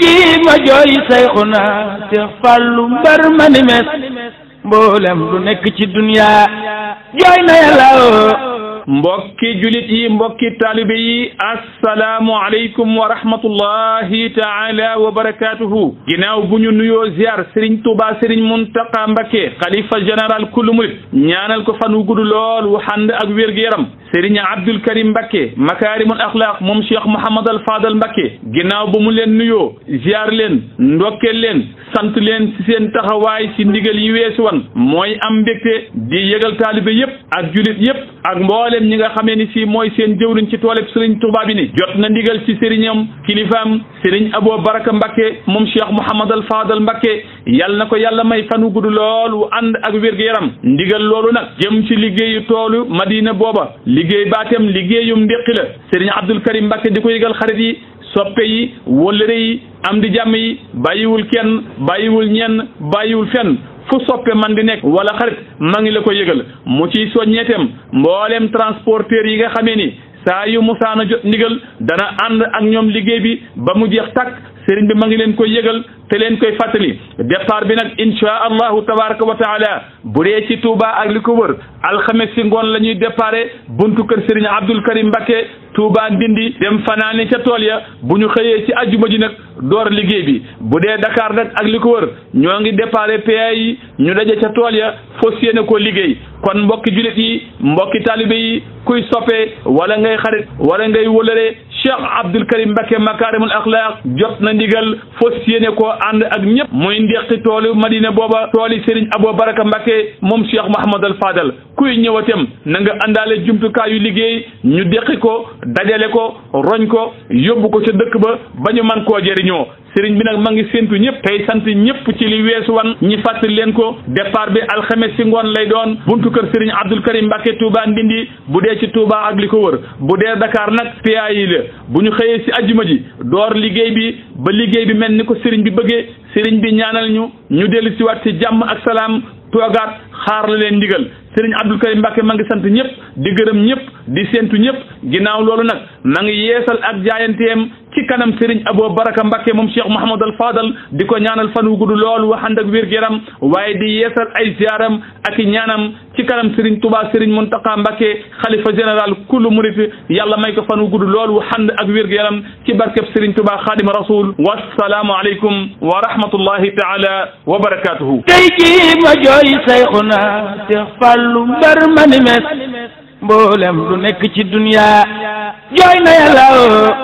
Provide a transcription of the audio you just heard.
jii ma jooy sayxuna Seex Fallu mbar ma ni mes mboolem lu nekk ci duniyaa jooy na yàlla mbokki julit yi mbokki taalibe yi assalaamu aleykum wa rahmatullahi taala wa barakatuhu ginnaaw bu ñu nuyoo ziar Serigne Touba Serigne Mountakha Mbacké xalifa général kullu murit ñaanal ko fan wu lool wu xànd ak wér-gu-yaram Serigne Abdul Karim Mbacké makaarimul axlaaq moom Cheikh Mouhamad al Fadal Mbacké ginnaaw bu mu leen ziar leen ndokkeel leen sant leen ci seen taxawaay ci ndigal yi weesu wan mooy am mbégte di yëgal taalibe yëpp ak julit yëpp ak mboolem ñi nga xamee ni si mooy seen jëwriñ ci tooleb sëriñ Tuubaa bi ni jot na ndigal ci sëriñam kilifaam sëriñ aboo Baraka Mbakke moom Cheikh Mouhamadal Fadal Mbakke yal na ko yàlla may fan wu lool wu ànd ak wér-gu-yaram ndigal loolu nag jëm ci liggéeyu toolu Madina booba liggéey baatem liggéeyum ndéqi la sëriñ Abdul Karim Mbakke di ko yëgal am di jàmm yi bàyyiwul kenn bàyyiwul ñenn bàyyiwul fenn fu soppe man di nekk wala xarit ma ngi la ko yëgal mu ci soññeetem mboolem transporteur yi nga xamee ni mu yu musaana jot ndigal dana ànd ak ñoom liggéey bi ba mu jeex takk sëriñ bi ma ngi leen koy yëgal te leen koy fàttali départ bi nag insha allahu tabaraka wa taala bu dee ci Touba ak li ko wër alxames si ngoon la ñuy départ buntu kër sëriñ Abdul Karim Mbakke Touba Ndindi dem fanaani ca tool ya bu ñu xëyee ci ajjuma ji nag door liggéey bi bu dee Dakar nag ak li ko wër ñoo ngi déparé PA yi ñu daje ca tool ya fas yéene koo liggéey kon mbokki jullit yi mbokki talibe yi kuy soppee wala ngay xarit walla ngay wëlëree Cheikh Abdul Karim Mbacke makaarimul axlaaq jot na ndigal fas yéene ko ànd ak ñëpp muy ndeqi toolu Madina booba tooli Serigne Abou Baraka Mbacke moom Cheikh Mahamadal Fadal kuy ñëwatem na nga àndaale jumtukaayu liggéey ñu deqi ko dajale ko roñ ko yóbbu ko ca dëkk ba ba ñu man koo jëriñoo sëriñ bi nag ma ngi séntu ñëpp tey sant ñëpp ci li weesu wan ñi fàttali leen ko départ bi alxames si ngoon lay doon buntu kër sëriñ Abdul Karim Mbàkke Touba Ndindi bu dee ci Touba ak li ko wër bu dee Dakar nag PA bu ñu xëyee si ajjuma ji door liggéey bi ba liggéey bi mel ni ko sëriñ bi bëggee sëriñ bi ñaanal ñu ñu dellu si waat si jàmm ak salaam toogaat xaar leen ndigal sëriñ Abdou Karim Mbacke ma ngi sant ñëpp di gërëm ñëpp di séentu ñëpp ginnaaw loolu nag ma ngi yeesal ak jaayanteem ci kanam sëriñ Abo Baraka mbake moom Cheikh Mouhamad al Fadal di ko ñaanal fan wu lool waxand ak wér-gu-yaram waaye di yeesal ay ziaram ak i ñaanam ci kanam Serigne Touba Serigne Mountakha Mbacké xalifa général kullu murit yàlla may ko fan wu gudd lool wu xand ak wér-gu-yaram ci barkeb Serigne Touba Xaadim Rasul wasalaamu aleykum wa rahmatullahi taala wa barakaatuhu tey jii ma jooy sayxuna Seex Fallu mbar ma ni mes mboolem lu nekk ci dunya jooy na yàlla